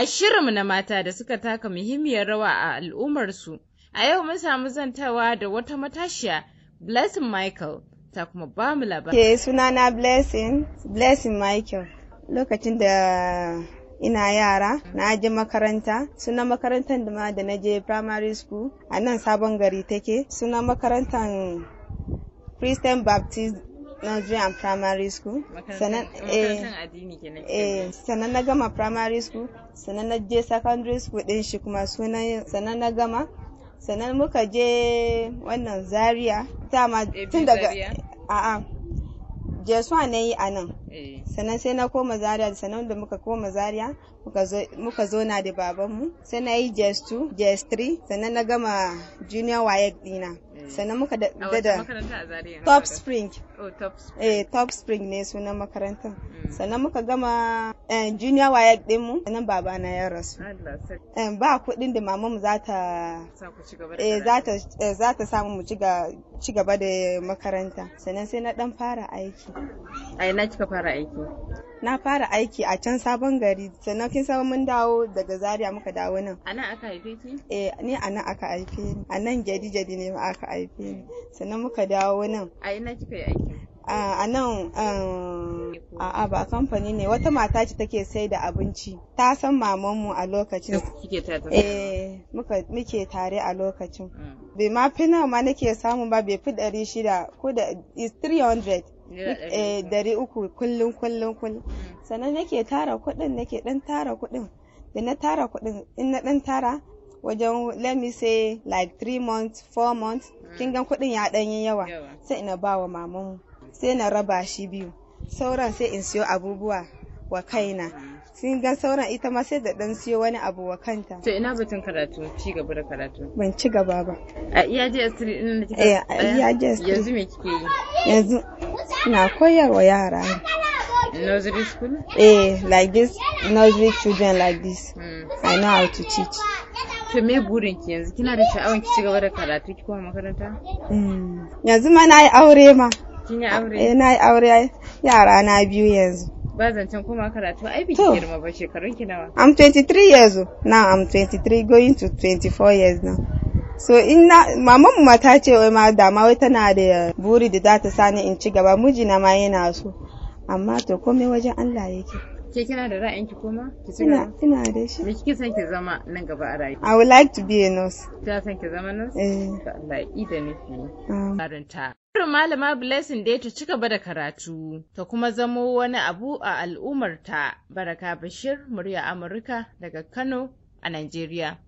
a shirinmu na mata da suka taka muhimmiyar rawa a al'ummarsu. A yau mun samu zantawa da wata matashiya Blessing Michael ta kuma ba mu labar. Ke sunana Blessing, Blessing Michael. Lokacin da ina yara na je makaranta sunan makarantar da ma da na je primary school a nan sabon gari take sunan makarantar Christian Baptist Nigerian primary school sannan eh, eh na gama primary school sannan na je secondary school din shi kuma sunan sannan na gama sannan muka je wannan zaria dama tun daga a'a jesuwa na yi a nan eh. sannan sai na koma zaria sannan da muka koma zaria muka zo na da babanmu sai na yi jes 2 jes 3 sannan na gama junior wayek dina sannan muka da da oh, top spring eh top spring ne sunan makarantar mm. sannan muka gama eh, junior wire din mu sannan babana ya rasu eh, ba kuɗin da mamamu za ta eh, za ta samu mu ci gaba da makaranta sannan sai na dan fara aiki a ina kika fara aiki na fara aiki a can sabon gari sannan kin san mun dawo daga zaria muka dawo nan a nan aka haife ki eh ni a nan aka haife ni a nan jadi jadi ne ma aka haife ni sannan muka dawo nan a ina kika yi aiki a nan um, a ba kamfani ne wata mata ce take sai da abinci ta san mamanmu a lokacin eh muke tare a lokacin mm. bai ma fi nawa ma nake samu ba bai fi ɗari shida ko da 300 dari eh, uku kullum kullum kullum hmm. sannan nake tara kuɗin nake ɗan tara kuɗin da na tara kuɗin in na ɗan tara wajen let me say like three months four months hmm. kin gan kuɗin ya ɗan yi yawa sai ina ba wa mamanmu sai na raba shi biyu sauran sai in siyo abubuwa wa kaina sun hmm. gan sauran ita ma sai da ɗan siyo wani abu wa kanta to ina batun karatu ci gaba da karatu ban ci gaba ba a iya je asiri ina da kika eh a iya je asiri. yanzu me kike yi yanzu na koyar wa yara nursery school eh like this nursery children like this hmm. i know how to teach to me burin ki yanzu kina da sha'awar ki cigaba da karatu ki koma makaranta hmm. yanzu ma na yi aure ma kin yi aure eh na yi aure yara na biyu yanzu ba zancen koma karatu ai biki girma ba shekarun ki nawa i'm 23 years old now i'm 23 going to 24 years now so ina maman mu mata ce wai ma da ma wai tana da buri da za ta sani in ci gaba mijina ma yana so amma to komai wajen Allah yake ke kina da ra'ayin ki koma ki ci ina kina da shi me kike son ki zama nan gaba a rayuwa i would like to be a nurse ta san ki zama nurse eh Allah ida ne karanta um. Shirin Malama Blessing dai ta ci gaba da karatu, ta kuma zamo wani abu a al'ummarta. Baraka Bashir, murya Amurka daga Kano a Najeriya.